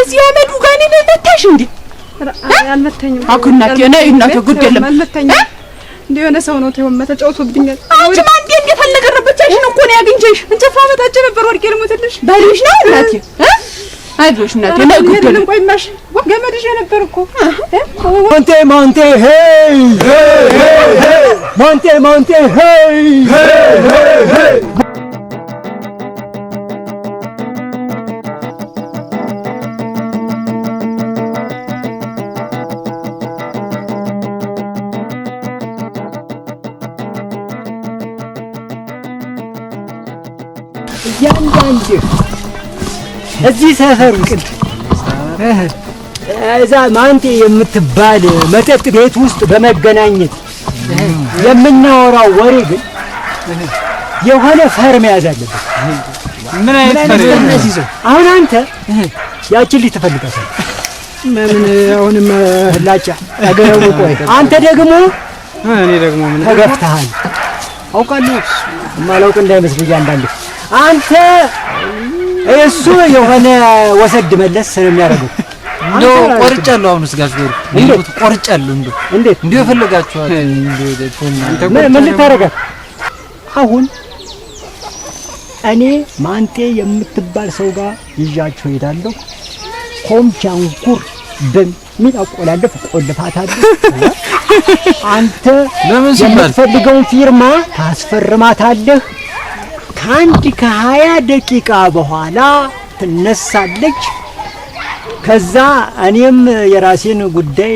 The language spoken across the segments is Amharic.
እንደዚህ አመዱ ጋር እኔን አልመታሽ እንዴ? አልመታኝም። አኩ እናቴ ነይ እናቴ፣ ጉድ የለም አልመታኝም። እንደ የሆነ ሰው ነው ተወመ ተጫውቶብኛል። አንቺ ማን እንዴ እንዴት አልነቀረበቻሽ እኮ ነው ያገኘሽ እንጀፋ በታች ነበር ወድቄ ልሞትልሽ። ባልሽ ነው እናቴ አይዞሽ እናቴ ነይ፣ ጉድ የለም ቆይማሽ ገመድሽ ነበር እኮ ሞንቴ ሞንቴ ሄይ ሞንቴ ሞንቴ ሄይ እያንዳንድህ እዚህ ሰፈር ውቅድ እዛ ማንቴ የምትባል መጠጥ ቤት ውስጥ በመገናኘት የምናወራው ወሬ ግን የሆነ ፈር መያዝ አለበት። ምን አይነት ይዘው አሁን አንተ ያችን ልጅ ምን አሁንም ላጫ ቆይ አንተ ደግሞ እኔ ደግሞ ምን ተገፍተሃል። አውቃለሁ። አንተ እሱ የሆነ ወሰድ መለስ ነው የሚያደርገው። እንደው ቆርጫለሁ። አሁን ስጋሽ ጎር እንዴት ቆርጫለሁ። እንደው እንዴት እንደው የፈለጋችኋት ምን ልታረጋት አሁን እኔ ማንቴ የምትባል ሰው ጋር ይዣቸው ሄዳለሁ። ኮምቻንኩር ምን አቆላለፍ ቆልፋታለሁ። አንተ ለምን የምትፈልገውን ፊርማ ታስፈርማታለህ። ከአንድ ከሀያ ደቂቃ በኋላ ትነሳለች። ከዛ እኔም የራሴን ጉዳይ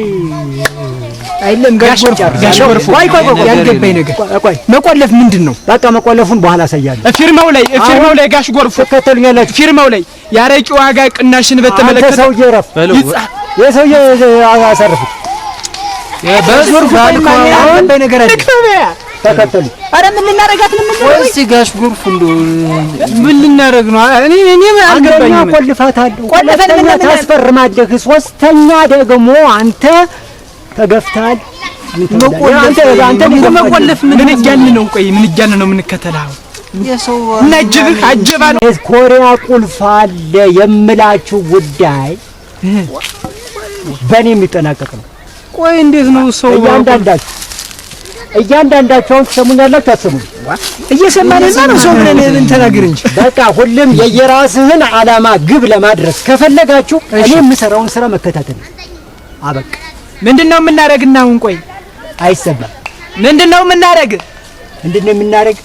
አይለም ያልገባኝ ነገር መቆለፍ ምንድን ነው? በቃ መቆለፉን በኋላ አሳያለሁ። ፊርማው ላይ ፊርማው ላይ ጋሽ ጎርፉ ትከተሉኛላችሁ። ፊርማው ላይ የአረቂ ዋጋ ቅናሽን በተመለከተ ሰውዬ እረፍ፣ የሰውዬ አሳርፉት። በዙር ባልኮ ነገር አለ ተከተሉ። አረ ምን ልናረጋት ነው? ምን ወይ ሲጋሽ ጉርፍ እንዶ ምን ልናረግ ነው? እኔ እኔ አልገባኝም። ቆልፋታለሁ፣ ቆልፈን ታስፈርማለህ። ሶስተኛ ደግሞ አንተ ተገፍታል። አንተ አንተ መቆለፍ ምን እያልን ነው? ቆይ ምን እያልን ነው? ምን ከተላው እና አጀባ ነው። ኮሪያ ቁልፍ አለ የምላችሁ ጉዳይ በእኔ የሚጠናቀቅ ነው። ቆይ እንዴት ነው ሰው እያንዳንዳችሁ እያንዳንዳቸውን ትሰሙኛላችሁ። አስቡ እየሰማንና ነው ሰው ብለን እንተናገር እንጂ በቃ ሁሉም የየራስህን አላማ ግብ ለማድረስ ከፈለጋችሁ እኔ የምሰራውን ስራ መከታተል አበቃ። ምንድነው የምናደርግና አሁን ቆይ አይሰማም። ምንድነው የምናደርግ ምንድነው የምናደርግ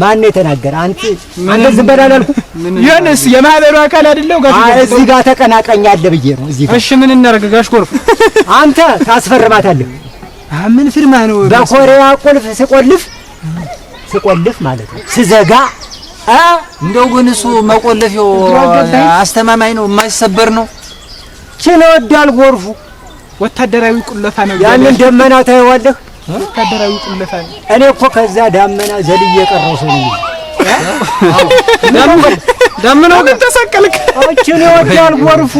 ማን የተናገረ? አንተ አንተ ዝም በል አላልኩ? የነስ የማህበሩ አካል አይደለው ጋሽ ጎርፍ እዚህ ጋር ተቀናቃኝ አለ ብዬ ነው እዚህ እሺ ምን እናደርግ? ጋሽ ጎርፍ አንተ ታስፈርማታለህ ምን ፊርማ ነው? በኮሪያ ቁልፍ ስቆልፍ ስቆልፍ ማለት ነው ስዘጋ አ እንደው ግን እሱ መቆለፊያው አስተማማኝ ነው፣ የማይሰበር ነው። ችሎ ወዳል ጎርፉ ወታደራዊ ቁልፋ ነው። ያንን ደመና ታየዋለህ፣ ወታደራዊ ቁልፋ ነው። እኔ እኮ ከዛ ዳመና ዘልዬ የቀረው ሰው ነው። ዳመናው ግን ተሰቀልክ። ችሎ ወዳል ጎርፉ።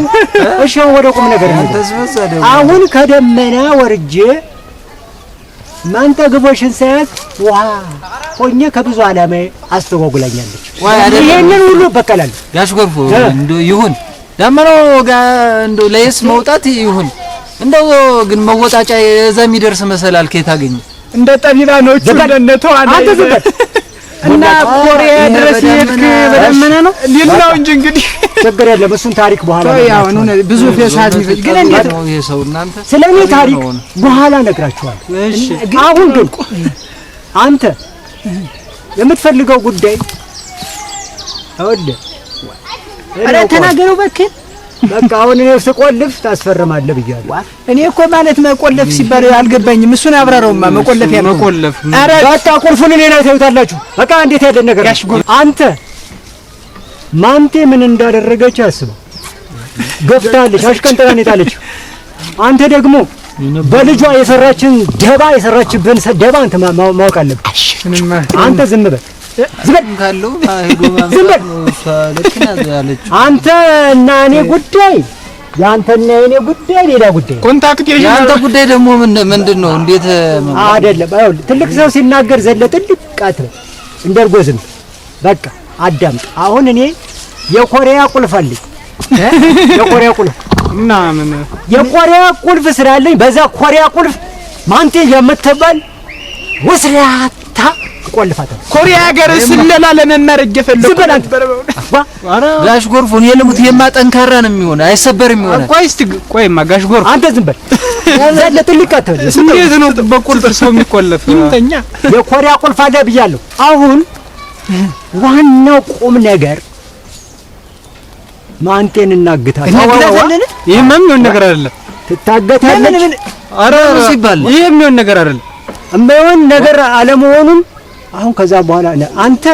እሺ፣ ወደ ቁም ነገር አሁን ከደመና ወርጄ ማንተ ግቦሽን ሳያዝ ውሃ ሆኜ ከብዙ ዓላማ አስተጓጉላኛለች። ይሄንን ሁሉ በቀላል ጋሽ ጎርፉ ይሁን ዳመናው እንዶ ለየስ መውጣት ይሁን እንደው ግን መወጣጫ የዛ የሚደርስ መሰላል ከየት አገኘ እንደ ጠቢባኖቹ እንደነተው አንተ ዝበት እና ኮሪያ ድረስ የሄድክ በደመና ነው ሊል እንጂ እንግዲህ ችግር የለም። እሱን ታሪክ በኋላ ያው ነው ብዙ ሰዓት ይፈጅ ግን እንዴት ነው ይሄ ሰው? እናንተ ስለ እኔ ታሪክ በኋላ ነግራችኋል። እሺ አሁን ግን አንተ የምትፈልገው ጉዳይ አወደ አረ ተናገረው በክል በቃ አሁን እኔ ስቆልፍ ታስፈርማለህ ብያለሁ። እኔ እኮ ማለት መቆለፍ ሲባል አልገባኝም። እሱን አብራራውማ። መቆለፍ ያለ መቆለፍ። ኧረ በቃ ቁልፉን እኔ ላይ ታዩታላችሁ። በቃ እንዴት ያለ ነገር አንተ ማንቴ ምን እንዳደረገች አስበው። ገፍታለች፣ አሽቀንጥራ ነው የጣለችው። አንተ ደግሞ በልጇ የሰራችን ደባ የሰራችብን ደባ አንተ ማወቅ አለብህ። አንተ ዝም በል አንተ እና እኔ ጉዳይ የአንተና የኔ ጉዳይ ሌላ ጉዳይ። ኮንታክት የአንተ ጉዳይ ደግሞ ምንድን ነው? እንዴት አይደለም። ትልቅ ሰው ሲናገር ዘለ ትልቅ ቃት እንደ ዝም በቃ አዳምጥ። አሁን እኔ የኮሪያ ቁልፍ አለኝ። የኮሪያ ቁልፍ እና ምን የኮሪያ ቁልፍ ስላለኝ በዛ ኮሪያ ቁልፍ ማንቴ የምትባል ወስራት መታ ቆልፋታል። ኮሪያ ሀገር ስለላ ለመማር እየፈለኩ ዝበላት ጋሽ ጎርፎ ነው የለሙት ነው የሚሆነ አይሰበርም ቆይ እስቲ ጋሽ ጎርፎ አንተ ዝም በል ያለ ትልቅ አትበል። እንዴት ነው በቁልፍ ሰው የሚቆለፍ ይምተኛ የኮሪያ ቁልፍ አለ ብያለሁ። አሁን ዋናው ቁም ነገር ማንቴን እናግታለን። ነገር አይደለም። ትታገታለች። የሚሆን ነገር አይደለም። እማይሆን ነገር አለመሆኑን አሁን ከዛ በኋላ አንተ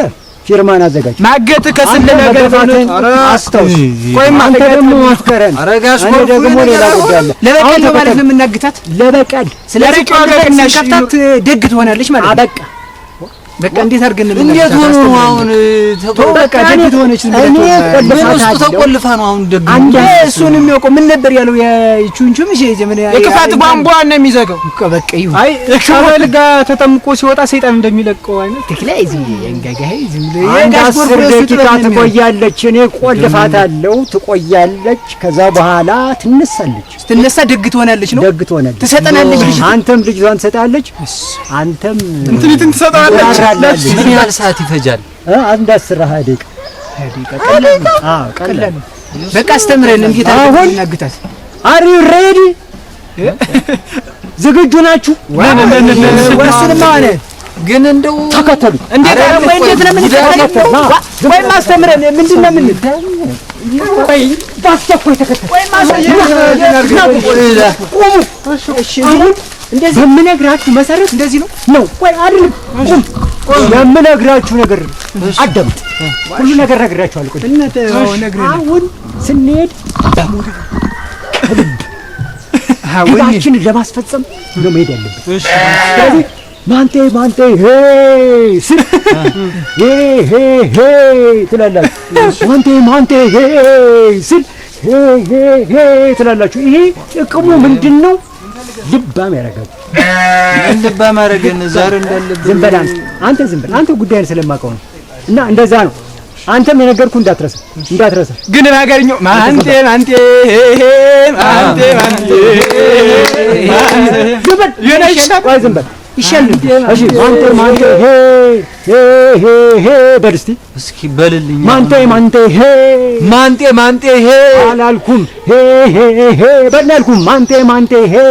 ፊርማን አዘጋጅ። ማገት ከስለ ነገር አስተውስ። ቆይማ አንተ ደግሞ አፍከረን አረጋሽ ነው ደግሞ ሌላ ጉዳይ አለ። ለበቀል ማለት ነው የምናግታት ለበቀል ስለዚህ ደግት ትሆናለች ማለት አበቃ በቃ እንዴት አድርገን ነው? እንዴት ሆኖ ነው አሁን? በቃ ደግት ሆነች። እኔ ቆልፋታ ተቆልፋ ነው አሁን ደግ አንዴ እሱን የሚያውቀው ምን ነበር ያለው? የቹንቹም እሺ፣ የምን የክፋት ቧንቧ ነው የሚዘጋው። በቃ በቃ ይሁን። አይ ከበል ጋር ተጠምቆ ሲወጣ ሰይጣን እንደሚለቀው አይነት ትክላይ እዚህ እንጋጋይ ዝም ብለ አስር ደቂቃ ትቆያለች። እኔ ቆልፋታለሁ፣ ትቆያለች። ከዛ በኋላ ትነሳለች። ስትነሳ ደግ ትሆናለች ነው ደግ ትሆናለች። ትሰጠናለች። አንተም ልጅቷን ትሰጣለች። አንተም እንትኒትን ትሰጠናለች ምን ያህል ሰዓት ይፈጃል? አንድ አስር ሃያ ደቂቃ በቃ አስተምረን። እንዴት አሁን እናግታት። አሪ ሬዲ ዝግጁ ናችሁ? ወስንማ አለ ግን እንደው ተከተሉ። እንዴት ነው እንዴት ነው ምን ተከተሉ? ወይም አስተምረን ምንድን ነው ምን በአስቸኳይ ተከተሉ። አሁን እንደዚህ በምነግራችሁ መሰረት እንደዚህ ነው ነው። ቆይ አይደለም ቁም የምነግራችሁ ነገር አዳምጥ። ሁሉ ነገር ነግራችኋል። አሁን ስንሄድ ግባችንን ለማስፈጸም ነው መሄድ ያለብን። ስለዚህ ማንቴ ማንቴ ሄ ስል ሄ ሄ ሄ ትላላችሁ። ማንቴ ማንቴ ሄ ስል ሄ ሄ ትላላችሁ። ይሄ ጥቅሙ ምንድን ነው? ልባም ያረጋል። ልባም ያደርገን ዛሬ እንዳለብህ ዝም በል አንተ አንተ ዝም በል አንተ ጉዳይን ስለማውቀው ነው። እና እንደዛ ነው። አንተም የነገርኩህ እንዳትረሳ እንዳትረሳ። ግን ማገርኞ ማንቴ ማንቴ ማንቴ ማንቴ ዝም በል ዝም በል በርስቲ እስኪ በልልኝ። ማንጤ ማንጤ ሄ ማንጤ ማንጤ ሄ አላልኩም ሄ ሄ ሄ በል አልኩም። ማንጤ ማንጤ ሄ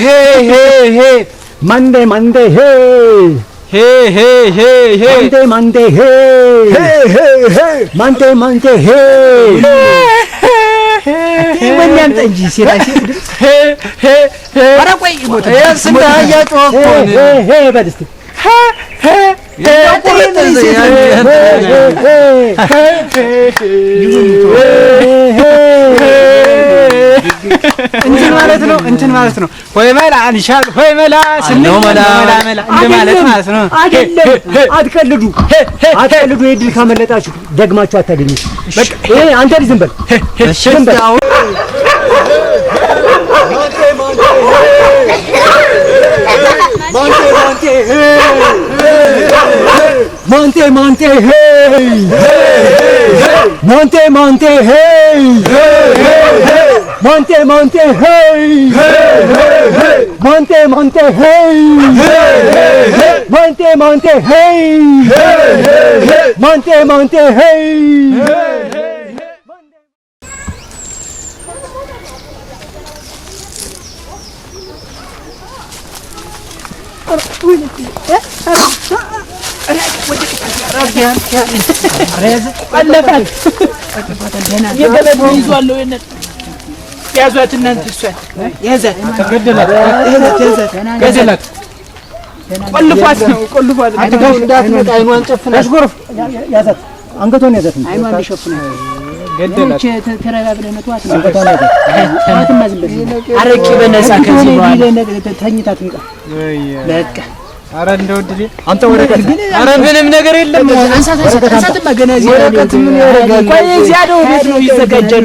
ሄ ሄ ሄ ማንዴ ማንዴ ሄ ሄ ሄ ሄ ሄ ማንዴ ማንዴ ሄ ሄ ሄ ሄ ማንዴ ማንዴ ሄ ወሚያምጣ እንጂ ሴራሴ ድምፅ ኧረ ቆይ ቦታ ስንት አህያ ጮኸ እኮ በል እስኪ ቁርጥ እንትን ማለት ነው። እንትን ማለት ነው። ወይ መላ አንሻል ወይ መላ ስንል መላ መላ እንደ ማለት ነው። አይደለም። አትቀልዱ፣ አትቀልዱ። የድል ካመለጣችሁ ደግማችሁ በቃ ይሄ አንተ ልጅ ዝም በል ዝም በል ማንቴ ማንቴ ሄይ ማንቴ ማንቴ ሄይ Montez, montez, hey Hey, hey, hey Montez, montez, hey Hey, hey, Montez, montez, hey Hey, hey, Montez, montez, hey Hey, hey ያዟት እናንተ እሷን ያዛት፣ ገደላት። ቆልፏት ነው ቆልፏት። እንዳትመጣ አይኗን ጨፍና አሽጎርፍ ያዛት፣ አንገቷን ያዛት፣ ነው ተዋት፣ አንገቷን ምንም ነገር የለም። አንሳት አንሳትማ ገና እዚህ ወረቀት ምን ያደርጋል? ቆይ እዚያ ነው ቤት ነው ይዘጋጃል።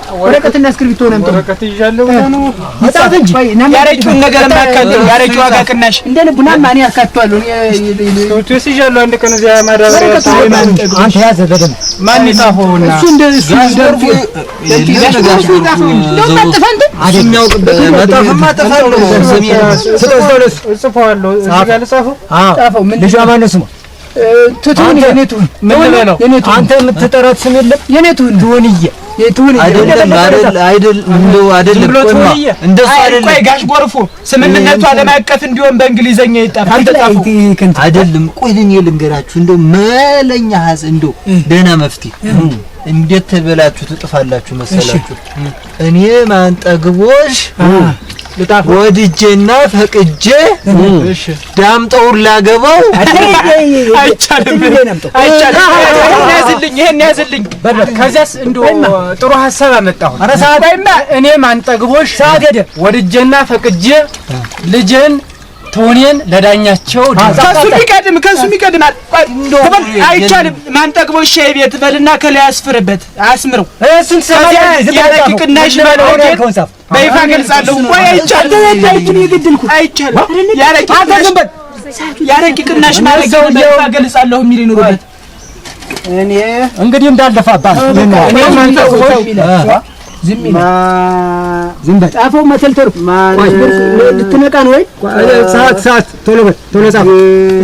ወረቀትና እስክሪብቶ ነው። ወረቀት ይዣለሁ ነው መጽሐፍ እንጂ ያረቂውን ነገር ማካተል ያረቂ ዋጋ ቅናሽ እንደ ልቡና ማን ያካቷል። ቶቶስ ይዣለሁ አንድ ቀን እዚያ ማዳበሪያ አንተ ያዘ በደም ማን ይጻፈውና እሱ እንደ እሱ ደርፎ ጽፈዋለሁ። ትቱን የኔቱን ምን ነው አንተ የምትጠራት ስም የለም የኔቱን ድወንዬ ቆይ ጋሽ ጎርፎ ስምምነቱ ዓለም አቀፍ እንዲሆን በእንግሊዘኛ አይደለም። ቆይ እኔ ልንገራችሁ እንደው መለኛ ሀዝ እንደው ደህና መፍትሄ እንዴት ተበላችሁ ትጥፋላችሁ መሰላችሁ እኔ ማንጠግቦሽ ወድጄና ፈቅጄ ዳምጠውን ላገባው አይቻልም። ያዝልኝ፣ ይሄን ያዝልኝ። ከዚያስ እንደው ጥሩ ሀሳብ አመጣሁ። እኔ ማንጠግቦሽ ወድጄና ፈቅጄ ልጄን ቶኔን ለዳኛቸው ከሱ የሚቀድም ከሱ የሚቀድም አይቻልም። ማንጠግቦሽ ሻይ ቤት በልና ከላይ አስፍርበት አስምረው እሱን ሰማ ቅናሽ በይፋ ገልጻለሁ። ወይ አይቻልም፣ አይቻልም። ያረቂ ቅናሽ ማለት በይፋ ገልጻለሁ የሚል ይኑርበት። እኔ እንግዲህ እንዳለፈ አባት ዝም በል ጻፈው። መተልተሉ ልትነቃ ነው ወይ? ሰዓት ሰዓት፣ ቶሎ በል ቶሎ ጻፍ።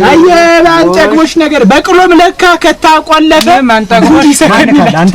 አየህ በአንጠግቦች ነገር በቅሎም ለካ ከታቆለፈ ጉድ ይሰክናል አንተ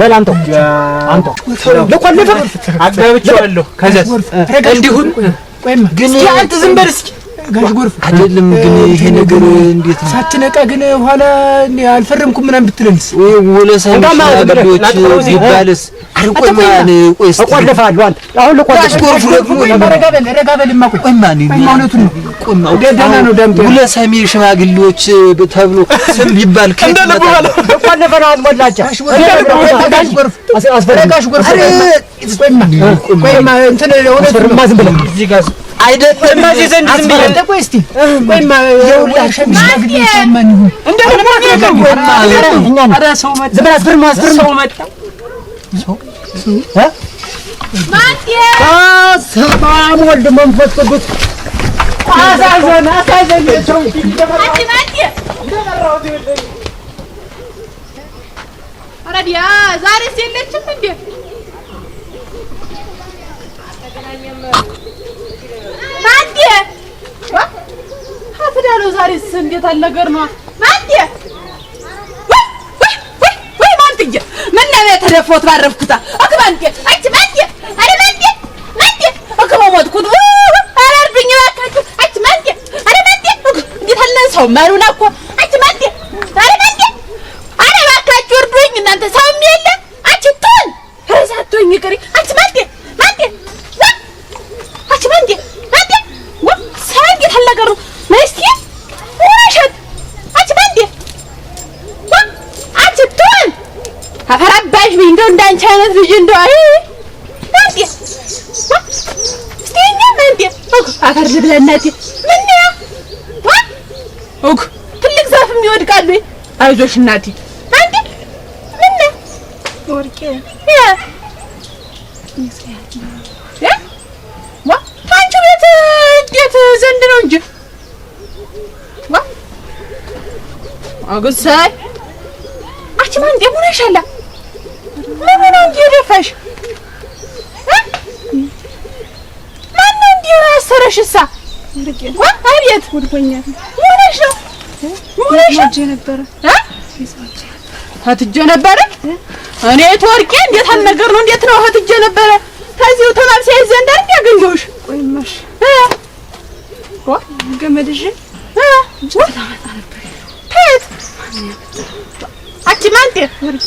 በል አንተው አንተው ለቆለፈ አጋብቼዋለሁ። ከዚያ እንዲሁን ግን አንተ ዝም በል እስኪ ጋሽ ጎርፍ አይደለም ግን ይሄ ነገር እንዴት ነው? ሳትነቃ ግን ኋላ አልፈረምኩም ምናምን ብትለኝስ? ወይ ወለሳ ይባልስ አርቆማን ቆይስ እቆልፋለሁ። አሁን ጋሽ ጎርፍ ደግሞ ረጋ በል ረጋ በልማ ነው እውነቱን ነው። ቆማ ደህና ነው ዳምጤ ወለሰሜ ሽማግሌዎች ተብሎ ስም ይባል ከእንደልብ በኋላ እቆልፈና አልሞላቻ ጋሽ ጎርፍ አስፈረጋሽ ጎርፍ ቆይማ ቆይማ እንትን እውነቱን ነው። እዚህ ጋር አይደለም ወልድ መንፈስ ቅዱስ እንዴ? ማንዴ አፍዳለው። ዛሬስ እንዴት አለ ነገር ነው ማንዴ። ወይ ባረፍኩታ። እግባ አንቺ ማንዴ፣ ኧረ ማንዴ ማንዴ፣ እግባ ሞትኩት። ኧረ እርዱኝ አንቺ ማንዴ፣ ኧረ ማንዴ። እንዴት አለ ሰው መሩና እኮ አፈራባሽ ብኝ እንደው እንዳንቺ አይነት ልጅ እንደው አይ ናንቲ ስቴኛ ናንቲ ኦክ አፈር ልብላ እናቴ ምን ነው ኦክ ትልቅ ዛፍም ይወድቃሉ። አይዞሽ እናቴ ናንቲ ምን ነው ወርቄ ያ ዋ ታንቺ ቤት እንዴት ዘንድ ነው እንጂ ዋ አገሳይ አቺ ማን ደሙና ይሻላል የደፋሽ? ማነው እንዲህ ያሰረሽ? እሳ አቤት ወድቆኛል። ሆነሽ ነው ሆነሽ ነበረ እህትጄ ነበረ። እኔ ተወርቄ እንዴት አልነገር ነው? እንዴት ነው እህትጄ ነበረ? ከዚሁ ተማምሳ ይዘንዳ እንዲ ያገኘሁሽ። ቆይማሽ ገመድሽ ታየት አቺ ማንቴ ወርቄ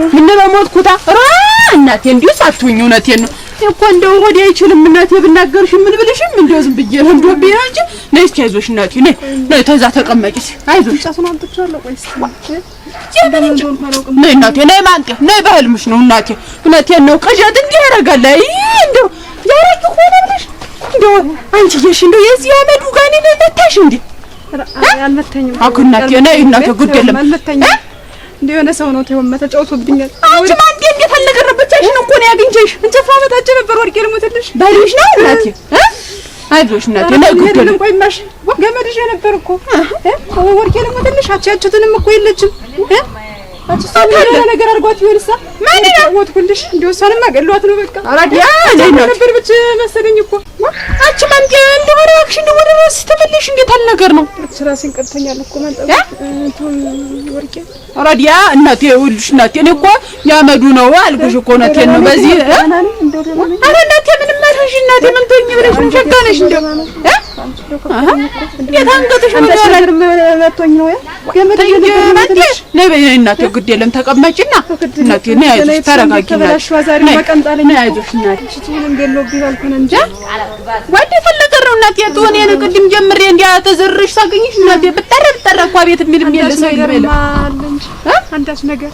ምን በሞት ኩታ ራ እናቴ እንዲሁ ሳትሁኝ እውነቴን ነው እኮ እንደው ወዲ አይችልም እናቴ ብናገርሽ ምን ብልሽም እንደው ዝም ብዬ ነው እንደው ብዬ እንጂ ነይ እስኪ አይዞሽ እናቴ ነይ ነይ ተዛ ተቀመጪ አይዞሽ ነይ እናቴ ነይ ማንጤፍ ነይ በህልምሽ ነው እናቴ እውነቴን ነው ቅዠት እንዲህ ያደርጋል አይ እንደው ያረግ ሆነ ብለሽ እንደው አንቺዬሽ እንደው የዚህ አመዱ ጋኔ ነው መታሽ እንዴ አልመታኝም አኩ እናቴ ነይ እናቴ ጉድ የለም እንደ የሆነ ሰው ነው ተው ተጫውቶብኛል። አንቺ ማን እንደ እንደፈለገ ረበቻሽ ነው እኮ ነው ያገኘሽ። እንቺ ፋመታች ነበር ወድቄ ልሞትልሽ። ባልሽ ነው እናቴ አይዞሽ እናቴ ለግደል ቆይማሽ ገመድሽ የነበር እኮ ወድቄ ልሞትልሽ። አቺ እኮ የለችም አቺ ነገር አድርጓት ይወልሳ ማን ነው ወጥኩልሽ። እንደው እሷንም አገሏት ነው በቃ አራዲያ ነበር ብቻ መሰለኝ እኮ አንቺ ማንጤ እንደሆነ እባክሽ እንደው ወደ እራስሽ ተመለሽ። እንዴት አልነገር ነው ራሴን ቀጥተኛለሁ እኮ ማንጠብ እንትን እናቴ ይኸውልሽ፣ እናቴ እኔ እኮ ያመዱ ነው አልኩሽ እኮ እናቴን ነው በዚህ ኧረ እናቴ ምንም አልሆንሽ እናቴ ምን ትሆኚ ብለሽ ነው ሸጋነሽ እንደው እ ተቀመጭና ወደ ፈለገ ነው እናቴ ትሆን የኔ ቅድም ጀምሬ እንዲያ ተዘርሽ ሳገኝሽ እናቴ ብጠረ ብጠረ እኮ ቤት የሚል የሚል ሰው ይገበለ አንዳች ነገር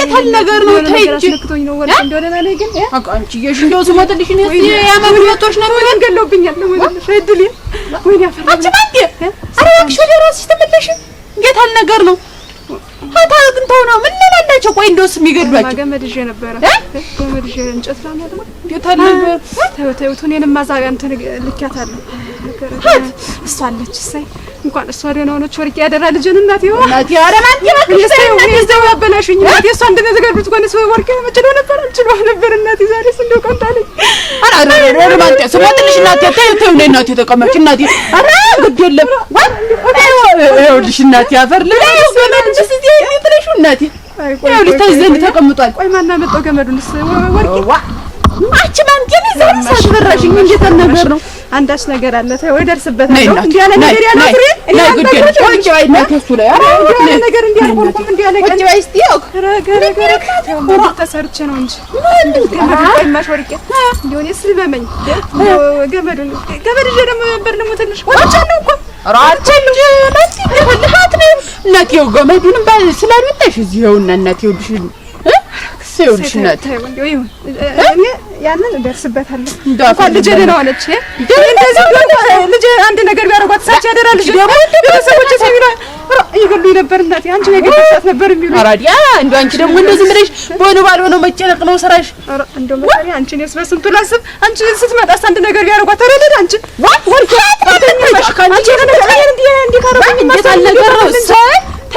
እንዴት አለ ነገር ነው ተይ እንጂ አስነክቶኝ ነው ወንድ እንደሆነ ማለት ግን አቃንቺ የሽ እንደው ስሞትልሽ ነው እዚህ እስቲ ያማግኘቶሽ ነው ወንድ ገለውብኛል ነው ወንድ አይዱልኝ ወይ ያፈራ አንቺ ማንዴ አረ እባክሽ ወደ ራስሽ ተመለሽ እንዴት አለ ነገር ነው አግኝተው ነው ምን ላላቸው? ቆይ እንደውስ የሚገድሏቸው ገመድ ይዤ ነበረ ገመድ ይዤ እንጨት ላመጥማ ተዩት። እኔንም እዛ እንትን ልኪያታለሁ። እሷ አለች። እሰይ እንኳን እሷ ደህና ሆነች። ወርቄ ያደራ ልጅን እናት ይሆ ያበላሽኝ እናት እሷ እንደተገዱት ኮነ ሰው ወርቄ መችሎ ነበር ችሎ ነበር እናት ዛሬ ስንዶ ቀንታለች። ረማንጤ ስማ እናት እናቴ ተይው ነይ እናት ተቀመጭ እናት ኧረ ግድ የለም ወይ ወይ እናት ያፈር ይኸውልሽ ስለ ልጅ ልብላ እንዴት ነሽ እናቴ? ይኸውልሽ ተዚህ ዘንድ ተቀምጧል። ቆይ ማን አመጣው ገመዱንስ? ወርቄ አንቺ ማን ጤን ይዘሽ እንዴት ነገር ነው? አንዳች ነገር አለ። ተይ ወይ ደርስበታለሁ። እንዲህ ያለ ነገር ያለው ትሪ እኔ አንተ ቁጭ በይ እና ከሱ ላይ አረ እንዲህ ያለ ነገር እንዲህ አልሆንኩም። እንዲህ ያለ ቁጭ በይ ያው ገረ ገረ ገረ ተሰርቼ ነው እንጂ ማሽ ወርቄ እንዲሁ እኔ ስልመመኝ ገመዱን ገመድ ደግሞ ነበር ደግሞ ትንሽ ወጥቻለሁ እኮ እናትዬው ገመዱንም ስላልመጣሽ እዚህ ይኸውና እናትዬው ያንን እደርስበታለሁ። እንኳን ልጄ ነው አለች። እንደዚህ ልጄ አንድ ነገር ቢያደርጓት ሳች ያደራ ልጅ ደግሞ ቤተሰቦች ሰሚራ ይገሉኝ ነበር። እናቴ አንቺ ነገር ሰት ነበር የሚሉ አራዲያ እንዲ አንቺ ደግሞ እንደዚህ ብለሽ በሆነ ባልሆነ መጨነቅ ነው ስራሽ። እንደ መሪ አንቺ ኔ ስለ ስንቱ ላስብ። አንቺ ስትመጣስ አንድ ነገር ቢያደርጓት ተረደድ አንቺ ወ ወልቶ እንዲ ካረጉኝ ጌታ አልነገረው ሰ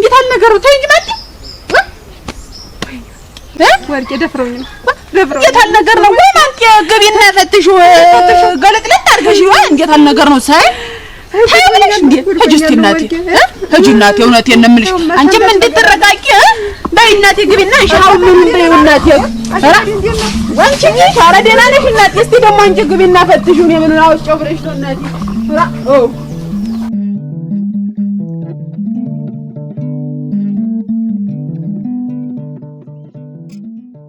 እንዴት አልነገሩ? ተይ እንጂ ማንዲ ወርቄ ደፍረውኝ ነው ደፍረውኝ። እንዴት አልነገር ነው ወይ ማንዲ ገቢና ፈትሹ ገለጥለት አድርገሽ ይዋ እንዴት አልነገር ነው ሳይ ሂጂ እስኪ እናቴ ሂጂ እናቴ፣ እውነቴን ነው የምልሽ። አንቺም እንድትረጋቂ በይ እናቴ ግቢና ሁሉንም በይው እናቴ። አንቺ ኧረ ደህና ነሽ እናቴ? እስኪ ደግሞ አንቺ ግቢና ፈትሹን የምኑን አውጪው ብለሽ ነው እናቴ